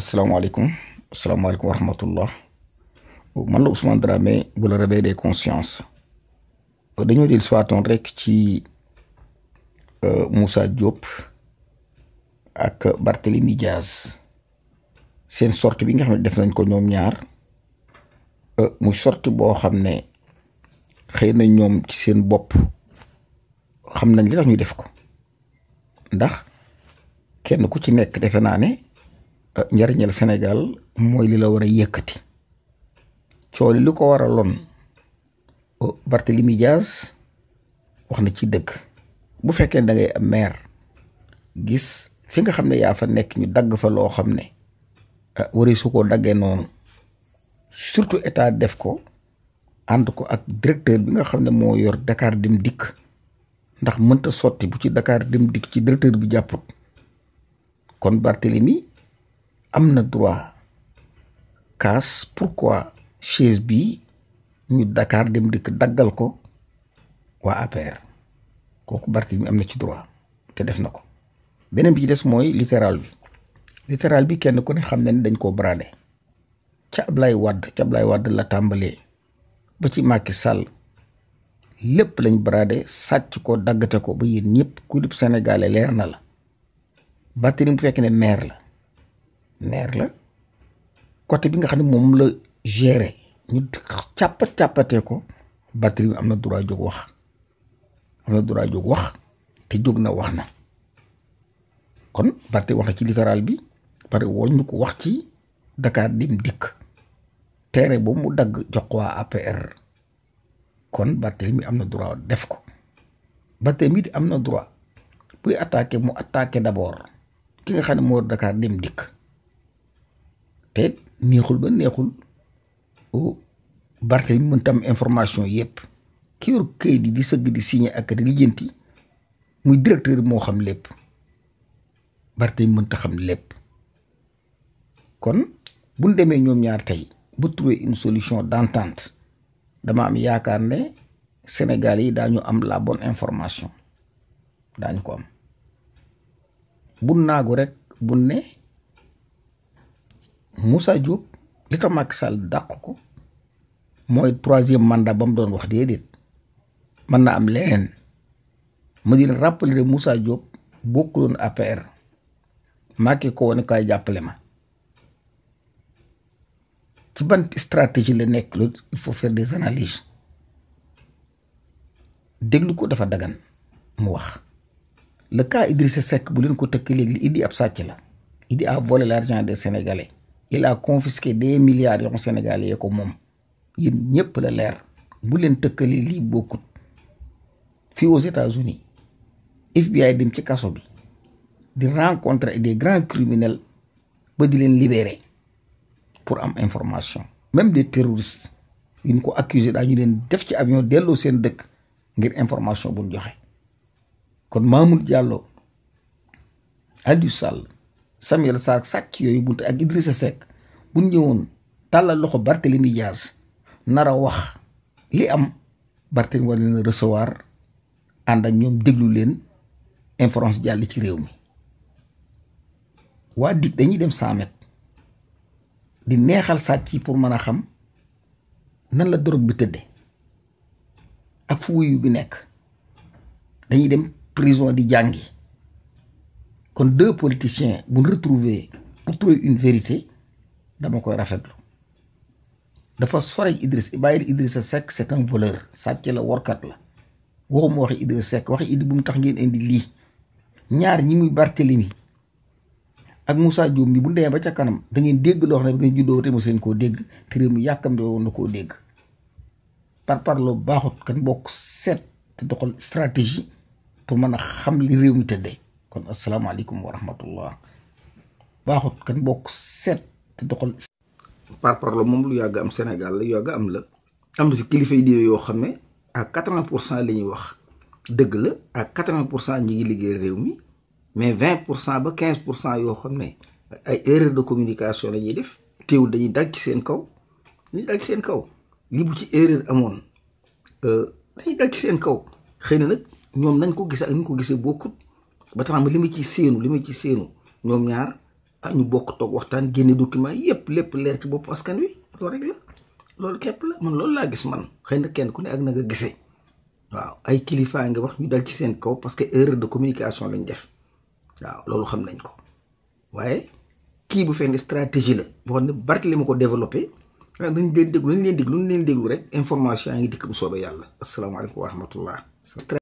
salam alaikum, wa rahmatullah oh, man la Ousmane Dramé bu la réveil des consciences euh, soiton rek ci euh, Moussa Diop ak Barthélémy Diaz bi nga C'est ne def nañ ko ñaar C'est euh, ci xam nañ li tax ñu def ko ndax Euh, njariñal senegal mooy li la war a yëkkati cooli li ko war a loon euh, Barthélemy Dias wax na ci dëgg bu fekkee da ngay am maire gis fi nga xam ne yaa fa nekk ñu dagg fa loo xam ne euh, wari su ko daggee noonu surtout état def ko ànd ko ak directeur bi nga xam ne moo yor Dakar Dem Dikk ndax mënta sotti bu ci dakaar Dem Dikk ci directeur bi jàpput kon Barthélemy am na droit kaas pourquoi chaise bi ñu dakaar dem dëkk daggal ko waa APR kooku mu am na ci droit te def na ko beneen bi ci des mooy littéral bi littéral bi kenn ku ne xam na ne dañ koo brade ca Ablaye Wade ca Ablaye Wade la tàmbalee ba ci Macky Sall lépp lañ bradé sàcc ko daggate ko ba yéen ñëpp ku lib Sénégalais leer na la Barthélemy bu fekkee ne maire la Nerla, la côté bi nga xam mom moom la gérer ñu càppat chapaté ko batterie bi am droit jog wax amna droit jog wax te jog na wax na kon batterie wax ci littoral bi pare woñ ko wax ci Dakar dim dik, téré ba mu dag jox wa APR kon batterie mi amna droit def ko batterie mi di amna droit buy attaquer mu attaquer d'abord ki nga xam mo Dakar dim dik. te neexul ba neexul Barthélemy mën am information yëpp ki yor këyit di sëgg di signé ak di lijjanti muy directeur moo xam lépp Barthélemy mënta xam lépp kon bu ñu demee ñoom ñaar tey ba trouver une solution d'entente dama am yaakaar ne Sénégal yi daañu am la bonne information daañu ko am bu naagu rek bu ne. Moussa Diop li tax Macky Sall dakk ko 3e mandat bam doon wax dedet man na am leneen mu di rappeler Moussa Diop bokkuloon APR Macky ko woon kay jàppale ma ci ban stratégie le nek lu il faut faire des analyses deglu ko dafa dagan mu wax le cas Idrissa Seck bu len ko tekk li Idi ab satch la Idi a volé l'argent des Sénégalais il a confisqué des milliards yoo sénégalais. Ils ko moom yéen Ils la leer bu leen tëkkale lii beaucoup. aux États-Unis FBI dem ci bi rencontrer des grands criminels pour les libérer pour am informations. même des terroristes Ils ont ko accusé des ñu leen def ci avion delloo seen dëkk ngir information Mahmoud Diallo Aliou Samuel Sarr sàcc yooyu bunt ak Idrissa sek buñ ñëwoon tàllal loxo Barthélemy Dias nar a wax li am Barthélemy war leen recevoir ànd ak ñoom déglu leen inference jàll ci réew mi waa dig dañuy dem samet di neexal sàcc yi pour mën a xam nan la drogue bi tëdde ak fu wuyu bi nekk dañuy dem prison di jàngi Quand deux politiciens vont retrouver pour trouver une vérité dama koy rafetlu dafa sore Idriss bàyyil Idrissa Seck c'est un voleur sàcc la workat la waxuma waxi Idriss Seck waxi Idriss bu tax ngeen indi li. ñaar ñi muy Barthélemy ak Moussa Diom bi bu demee ba ca kanam da ngeen dégg lo xam ne bi ngeen juddoo te ko leen koo dégg te réew mi yàkkam de dégg par parloo baxut kan bok set te doxal stratégie pour meuna xam li réew mi tëddee kon asalaamaaleykum wa rahmatullah baaxut kan bokk seet te doxal. par parlo moom lu yàgg am Sénégal la yàgg am la am na fi kilifa yi yoo xam ne à quatre-vingts pour cent la ñuy wax dëgg la ak quatre-vingts pour cent ñu ngi liggéey réew mi mais vingt pour cent ba quinze pour cent yoo xam ne ay erreur de communication la ñuy def teewul dañuy dal ci seen kaw ñu dal ci seen kaw li bu ci erreur amoon euh, dañuy dal ci seen kaw xëy na nag ñoom nañ ko gisee ak ñu ko gisee bokkut. ba tax ma li ma ci séenu li ma ci séenu ñoom ñaar ah ñu bokk toog waxtaan génne document yëpp lépp leer ci bopp askan wi loolu rek la loolu képp la man loolu laa gis man xëy na kenn ku ne ak na nga gisee waaw ay kilifaa nga wax ñu dal ci seen kaw parce que de communication lañ def waaw loolu xam nañ ko waaye kii bu fekk stratégie la boo xam ne bari li ma ko développé ah, nañ leen déglu nañ leen déglu nañ leen déglu rek information yaa ngi dikk bu soobee yàlla asalaamaaleykum wa rahmatullah